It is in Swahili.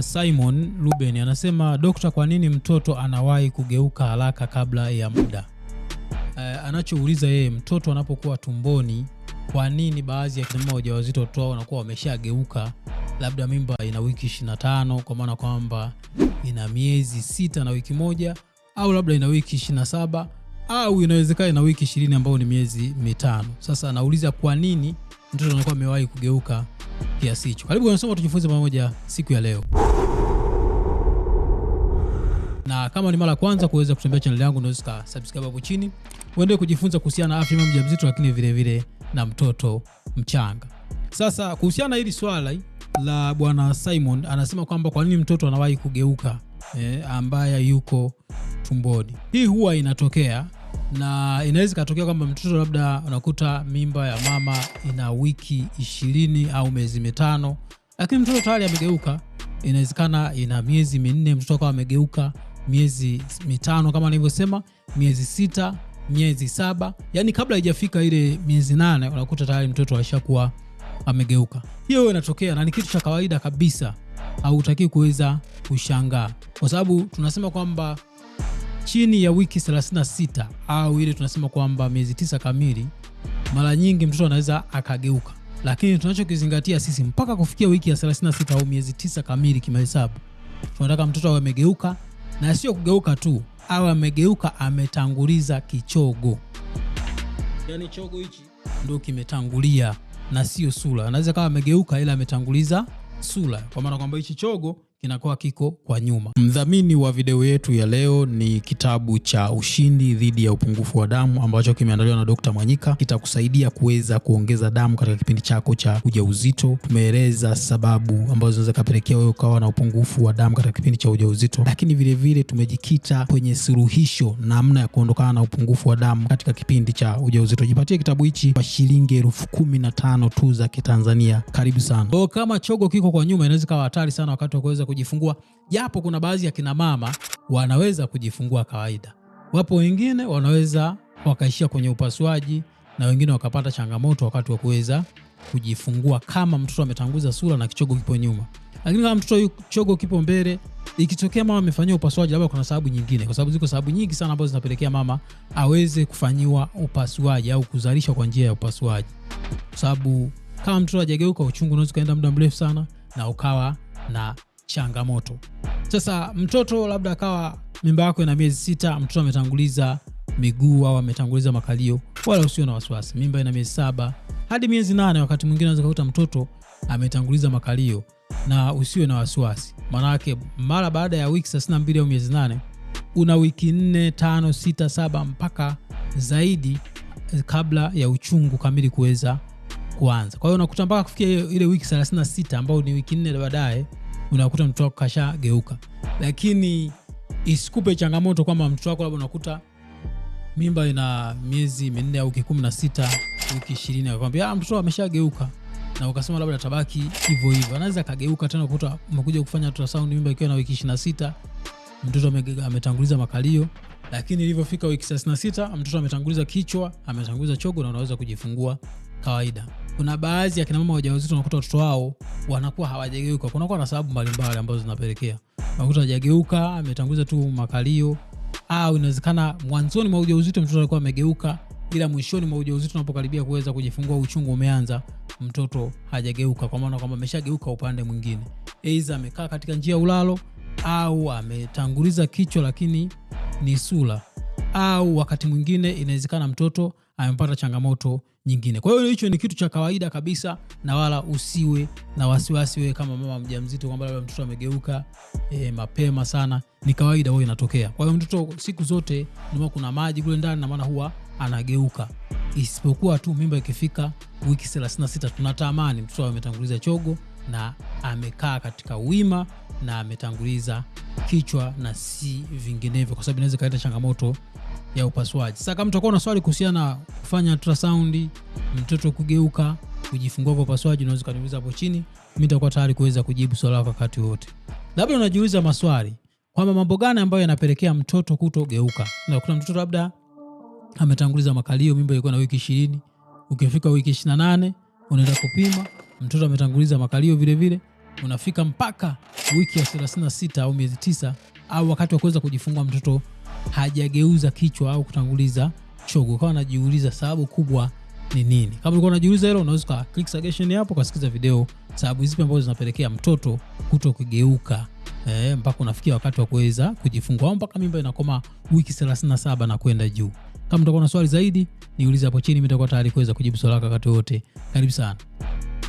Simon Ruben anasema dokta, kwa nini mtoto anawahi kugeuka haraka kabla ya muda? Uh, anachouliza yeye, mtoto anapokuwa tumboni, kwa nini baadhi ya kina mama wajawazito watoto wao wanakuwa wameshageuka, labda mimba ina wiki 25 kwa maana kwamba ina miezi sita na wiki moja, au labda ina wiki 27 au inawezekana ina wiki 20 ambayo ni miezi mitano. Sasa anauliza kwa nini mtoto anakuwa amewahi kugeuka kiasi hicho. Karibu kwenye somo tujifunze pamoja siku ya leo. Na kama ni mara ya kwanza kuweza kutembea channel yangu, unaweza subscribe hapo chini uendelee kujifunza kuhusiana na afya mama mjamzito, lakini vile vile na mtoto mchanga. Sasa kuhusiana na hili swala la bwana Simon, anasema kwamba kwa nini mtoto anawahi kugeuka eh, ambaye yuko tumboni. Hii huwa inatokea na inaweza ikatokea kwamba mtoto labda unakuta mimba ya mama ina wiki ishirini au miezi mitano, lakini mtoto tayari amegeuka. Inawezekana ina miezi minne, mtoto akawa amegeuka miezi mitano, kama nilivyosema, miezi sita, miezi saba, yani kabla haijafika ile miezi nane, unakuta tayari mtoto alishakuwa amegeuka. Hiyo inatokea na ni kitu cha kawaida kabisa, hautaki kuweza kushangaa kwa sababu tunasema kwamba chini ya wiki 36 au ile tunasema kwamba miezi tisa kamili, mara nyingi mtoto anaweza akageuka, lakini tunachokizingatia sisi mpaka kufikia wiki ya 36 au miezi tisa kamili kimahesabu, tunataka mtoto awe amegeuka, na sio kugeuka tu, awe amegeuka, ametanguliza kichogo, yani chogo hichi ndio kimetangulia na sio sura. Anaweza kawa amegeuka, ila ametanguliza sura, kwa maana kwamba hichi chogo kinakuwa kiko kwa nyuma. Mdhamini wa video yetu ya leo ni kitabu cha Ushindi Dhidi ya Upungufu wa Damu ambacho kimeandaliwa na Dr. Mwanyika, kitakusaidia kuweza kuongeza damu katika kipindi chako cha ujauzito. Tumeeleza sababu ambazo zinaweza kapelekea wewe ukawa na upungufu wa damu katika kipindi cha ujauzito, lakini vilevile tumejikita kwenye suluhisho namna ya kuondokana na upungufu wa damu katika kipindi cha ujauzito. Jipatie kitabu hichi kwa shilingi elfu kumi na tano tu za Kitanzania. Karibu sana. Kwa kama chogo kiko kwa nyuma, inaweza ikawa hatari sana wakati wa kuweza kujifungua, japo kuna baadhi ya kina mama wanaweza kujifungua kawaida. Wapo wengine wanaweza wakaishia kwenye upasuaji na wengine wakapata changamoto wakati wa kuweza kujifungua, kama mtoto ametanguza sura na kichogo kipo nyuma. Lakini kama mtoto kichogo kipo mbele, ikitokea mama amefanyiwa upasuaji, labda kuna sababu nyingine, kwa sababu ziko sababu nyingi sana ambazo zinapelekea mama aweze kufanyiwa upasuaji au kuzalishwa kwa njia ya upasuaji, kwa sababu kama mtoto hajageuka, uchungu unaweza ukaenda muda mrefu sana na ukawa na changamoto. Sasa mtoto labda akawa mimba yako ina miezi sita, mtoto ametanguliza miguu au ametanguliza makalio, wala usio na wasiwasi. Mimba ina miezi saba hadi miezi nane, wakati mwingine unaweza kukuta mtoto ametanguliza makalio, na usiwe na wasiwasi, maanake mara baada ya wiki thelathini na mbili au miezi nane una wiki nne, tano, sita, saba mpaka zaidi kabla ya uchungu kamili kuweza kuanza. Kwa hiyo unakuta mpaka kufikia ile wiki sita ambayo ni wiki nne baadaye unakuta mtoto wako kashageuka lakini isikupe changamoto kwamba mtoto wako labda unakuta mimba ina miezi minne au wiki kumi na sita wiki ishirini akakwambia ah, mtoto ameshageuka na ukasema labda tabaki hivyo hivyo anaweza akageuka tena kuta umekuja kufanya ultrasound mimba ikiwa na wiki na sita mtoto ametanguliza makalio lakini ilivyofika wiki thelathini na sita mtoto ametanguliza kichwa ametanguliza chogo na unaweza kujifungua kawaida kuna baadhi ya kinamama wajawazito unakuta watoto wao wanakuwa hawajageuka kunakuwa na sababu mbalimbali ambazo zinapelekea unakuta hajageuka ametanguliza tu makalio au inawezekana mwanzoni mwa ujauzito mtoto alikuwa amegeuka ila mwishoni mwa ujauzito unapokaribia kuweza kujifungua uchungu umeanza mtoto hajageuka kwa maana kwamba ameshageuka upande mwingine aidha amekaa katika njia ulalo au ametanguliza kichwa lakini ni sura au wakati mwingine inawezekana mtoto amepata changamoto nyingine. Kwa hiyo hicho ni kitu cha kawaida kabisa, na wala usiwe na wasiwasi wewe kama mama mjamzito kwamba labda mtoto amegeuka e, mapema sana. Ni kawaida, huwa inatokea. Kwa hiyo mtoto siku zote ndio kuna maji kule ndani, na maana huwa anageuka, isipokuwa tu mimba ikifika wiki 36 tunatamani mtoto ametanguliza chogo na amekaa katika wima na ametanguliza kichwa na si vinginevyo, kwa sababu inaweza kaleta changamoto ya upasuaji sasa kama tutakuwa na swali kuhusiana na kufanya ultrasound mtoto kugeuka kujifungua kwa upasuaji unaweza ukaniuliza hapo chini mimi nitakuwa tayari kuweza kujibu swali lako wakati wote labda unajiuliza maswali kwamba mambo gani ambayo yanapelekea mtoto kutogeuka nakuta mtoto labda ametanguliza makalio mimba ilikuwa na wiki ishirini ukifika wiki ishirina nane unaenda kupima mtoto ametanguliza makalio vilevile vile unafika mpaka wiki ya 36 au miezi tisa au wakati wa kuweza kujifungua mtoto hajageuza kichwa au kutanguliza chogo ukawa anajiuliza sababu kubwa ni nini kama ulikuwa unajiuliza hilo unaweza ka click suggestion hapo kasikiza video sababu zipi ambazo zinapelekea mtoto kuto kugeuka eh, mpaka unafikia wakati wa kuweza kujifungua au mpaka mimba inakoma wiki 37 na kwenda juu kama utakuwa na swali zaidi niulize hapo chini mimi nitakuwa tayari kuweza kujibu swali lako wakati wote karibu sana